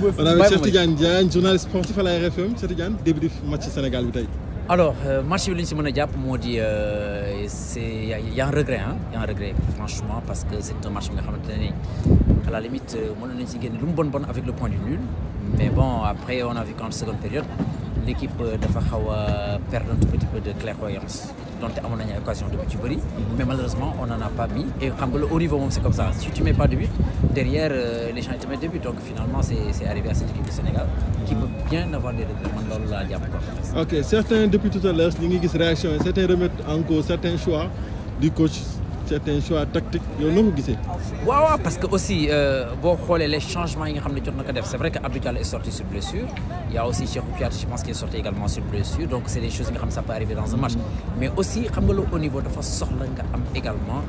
On avait Cheikh Tidiane Diagne journaliste sportif à la RFM Cheikh Tidiane débrief match Sénégal bi tey. alors euh, match bi li ñu si mën a jàpp moo di euh, c' y' a un regret Il hein. y' a un regret franchement parce que c'est un match bi nga xamante ne à la limite euh, mënoon nañu si génn lu mu bon bon avec le point du nul mais bon après on a vu qu'en seconde période l'équipe équipe dafa xaw perdre un tout petit peu de clairvoyance donte a une occasion de but mais malheureusement on n'en a pas mis et quand le haut niveau c'est comme ça si tu ne mets pas de but derrière euh, les gens ils te mettent de but donc finalement c'est arrivé à cette équipe du Sénégal qui mm-hmm. peut bien avoir des règlements. dans la ok certains depuis tout à l'heure ñu ngi réaction certains remettent en cause certains choix du coach un choix tactique oui parce que aussi euh, les changements C'est vrai que est sorti sur blessure il y a aussi Cheikhou Piat, je pense qu'il est sorti également sur blessure donc c'est des choses qui ça peut arriver dans un match mais aussi au niveau de soxla nga y également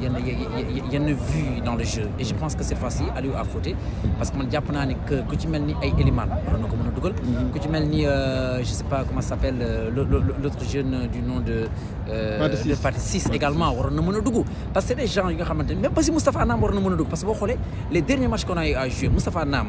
y a une vue dans le jeu et je pense que cette fois-ci Aliou a fauté parce que je pense que ku mhm. euh, je sais pas comment ça s'appelle euh, l'autre jeune du nom de. Pathé 6 également normalement waroon na mën dugg parce que c'est des gens yi nga xamanteni même ba si Moustapha Nam waroon na mën dugg parce que bo xolé les derniers matchs qu'on a eu à jouer Mustapha Nam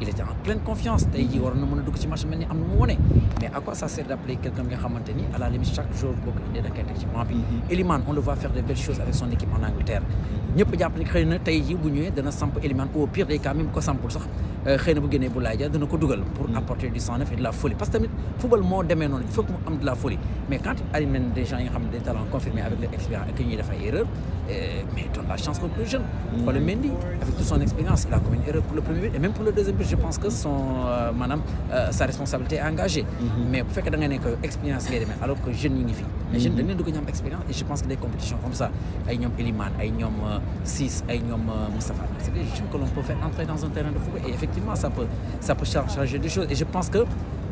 il était en pleine confiance tay yi waroon na mën dugg ci match mel am na mu wone mais à quoi ça sert d'appeler quelqu'un qui nga xamanteni à la limite chaque jour boo ko indee da koy teg ci banc mm-hmm. Eliman on le voit faire des belles choses avec son équipe en Angleterre mm-hmm. ñepp japp ni xeyna tay yi jii bu ñëwee dana samp Eliman au pire des cas même ko samp sax xëy na bu génnee bu dana ko dugal pour hmm. apporter du sang neuf et de la folie parce que tamit football moo demee noonu il faut que mu am de la folie mais quand il a des gens yi nga des talents confirmés avec leur expérience et que ñuy def ay erreur eh, mais donne la chance aux plus jeunes hmm. le Mendy avec toute son expérience il a commis une erreur pour le premier but et même pour le deuxième but je pense que son euh, maanaam euh, sa responsabilité est engagée hmm. mais bu fekkee da nga ne que expérience ngay demee alors que jeunes yi ngi fi mais jeunes dañ leen dugg expérience et je pense que des compétitions comme ça ay ñoom Elimane ay ñoom euh, Ciss ay ñoom Moustapha c'est des jeunes que l'on peut faire entrer dans un terrain de football et effectivement, ça peut, ça peut changer des choses. Et je pense que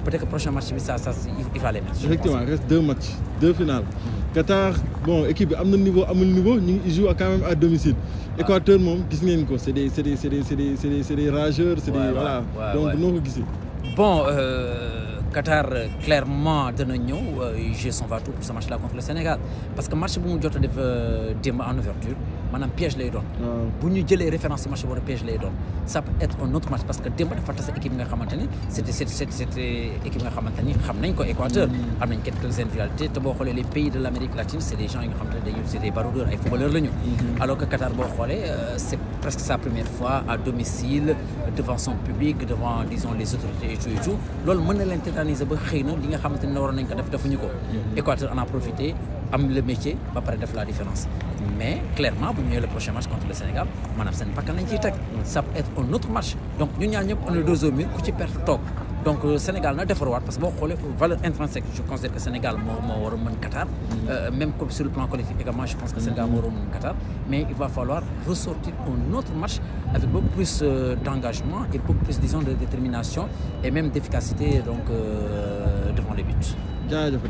peut-être que le prochain match, ça, ça, il, va aller Effectivement, il reste deux matchs, deux finales. Qatar, bon, équipe à niveau, mon niveau, ils jouent quand même à domicile. Équateur Ah. Équateur, c'est des, des, des, des, rageurs, c'est des. voilà. Donc, nous, Bon. Euh... Qatar euh, clairement oignon. ñëw joue euh, son va-tout pour ce match là contre le Sénégal parce que match bu mu jot def euh, en ouverture manam piège lay doon. Ah. bu ñu les référence Ce match boobu piège lay doon ça peut être un autre match parce que démb dafa tase équipe nga xamante ni c'était c'était équipe nga xamante xam nañ ko Équateur. Hmm. am nañ quelques individualités te bo xolé les pays de l'Amérique latine c'est des gens yi nga xamante de c'est des baroudeurs ay footballeurs lañu hmm. alors que Qatar bo xolé c'est presque sa première fois à domicile devant son public devant disons les autorités et tout et tout loolu mën organiser ba xëy na li nga xamante ne waroon nañ ko def defuñu ko. Équateur en a profité am le métier ba pare def la différence. mais clairement bu ñëwee le prochain match contre le Sénégal maanaam seen bakkan lañ ciy teg. ça peut être un autre match donc ñun ñaar ñëpp on est dos au mur ku ci perte toog donc euh, Sénégal na pas parce que boo valeur intrinsèque je considère que le Sénégal est un war Qatar. Mm. Euh, même sur le plan collectif également je pense que le Sénégal un mm. war moins Qatar. mais il va falloir ressortir une autre match avec beaucoup plus euh, d'engagement et beaucoup plus disons de détermination et même d'efficacité devant les buts.